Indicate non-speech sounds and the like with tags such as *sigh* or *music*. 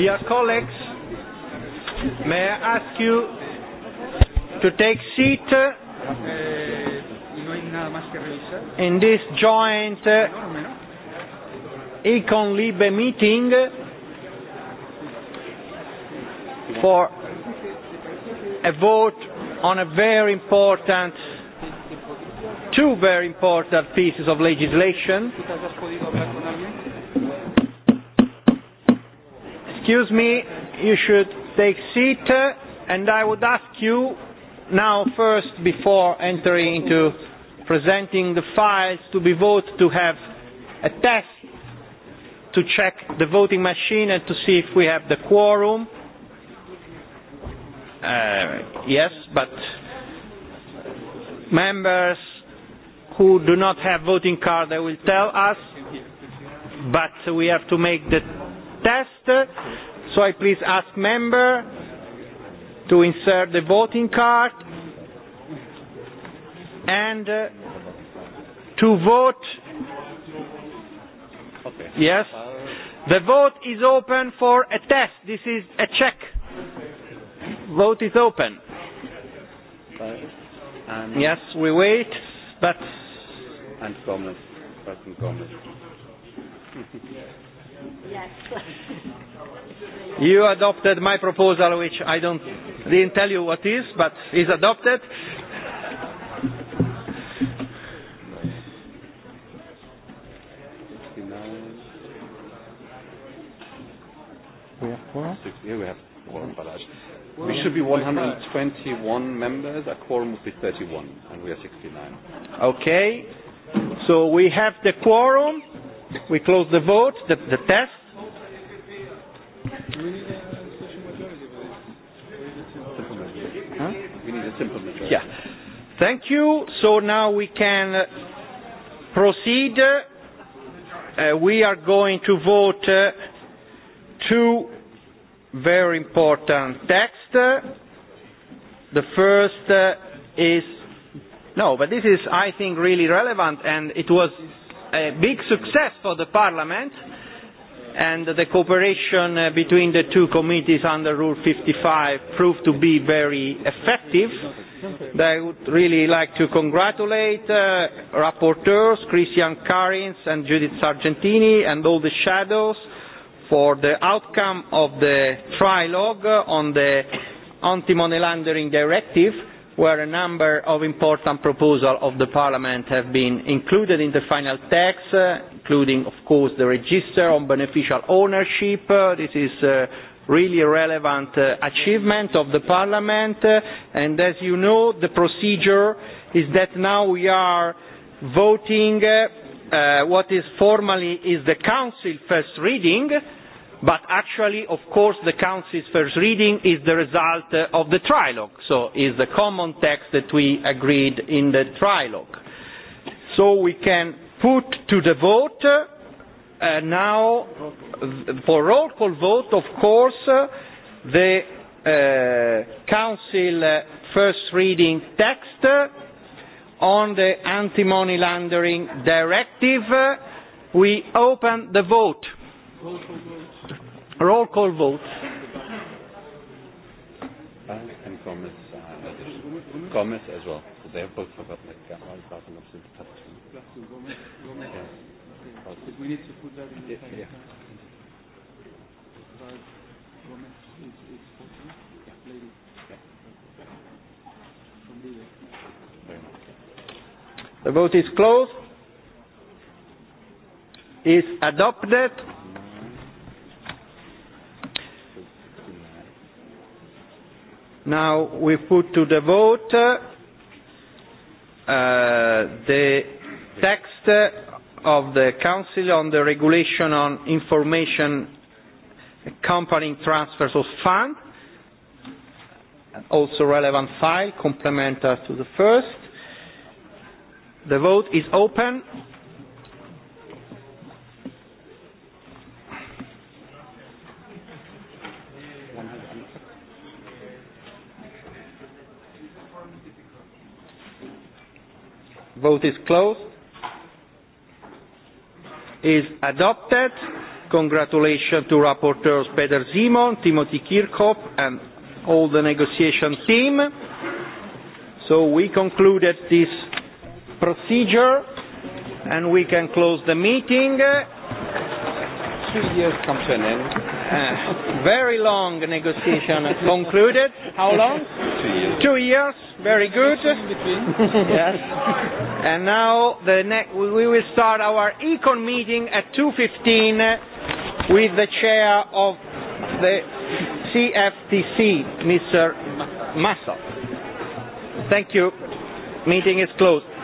Dear colleagues, may I ask you to take seat uh, in this joint uh, Econ Libe meeting for a vote on a very important two very important pieces of legislation Excuse me, you should take seat uh, and I would ask you now first before entering into presenting the files to be voted to have a test to check the voting machine and to see if we have the quorum. Uh, yes, but members who do not have voting card, they will tell us, but we have to make the test. So I please ask member to insert the voting card and uh, to vote. Okay. Yes. The vote is open for a test. This is a check. Vote is open. And yes, we wait, but. And comments. Press *laughs* *laughs* you adopted my proposal, which I don't didn't tell you what is, but is adopted. we have four. Here we have four We should be 121 members. A quorum would be 31, and we are 69. Okay. So we have the quorum. We close the vote, the, the test. We need a simple majority. Yeah. Thank you. So now we can uh, proceed. Uh, we are going to vote uh, two very important texts. The first uh, is, no, but this is, I think, really relevant, and it was a big success for the Parliament and the cooperation uh, between the two committees under Rule 55 proved to be very effective. I would really like to congratulate uh, rapporteurs Christian Karins and Judith Sargentini and all the shadows for the outcome of the trilogue on the anti-money laundering directive where a number of important proposals of the Parliament have been included in the final text, uh, including, of course, the register on beneficial ownership. Uh, this is uh, a really relevant uh, achievement of the Parliament. Uh, and as you know, the procedure is that now we are voting uh, uh, what is formally is the Council first reading, But actually, of course, the Council's first reading is the result uh, of the trilogue, so is the common text that we agreed in the trilogue. So we can put to the vote uh, now, for roll call vote, of course, uh, the uh, Council uh, first reading text uh, on the anti-money laundering directive. Uh, we open the vote. Roll call vote. Roll call vote. Bank and uh, as well. They have both forgotten it. Yeah, uh, all about Yeah. We need to put that in the yeah. yeah. Yeah, Yeah. The vote is closed. Is adopted. Now we put to the vote uh, the text of the Council on the Regulation on Information Accompanying Transfers of Funds, also relevant file, complementary to the first. The vote is open. Vote is closed. Is adopted. Congratulations to rapporteurs Peter Simon, Timothy Kirchhoff, and all the negotiation team. So we concluded this procedure and we can close the meeting. Two years comes to an end. Uh, very long negotiation *laughs* concluded. How long? Two years. Two years. Very good. *laughs* yes. *laughs* And now the next, we will start our econ meeting at 2.15 with the chair of the CFTC, Mr. Massa. Thank you. Meeting is closed.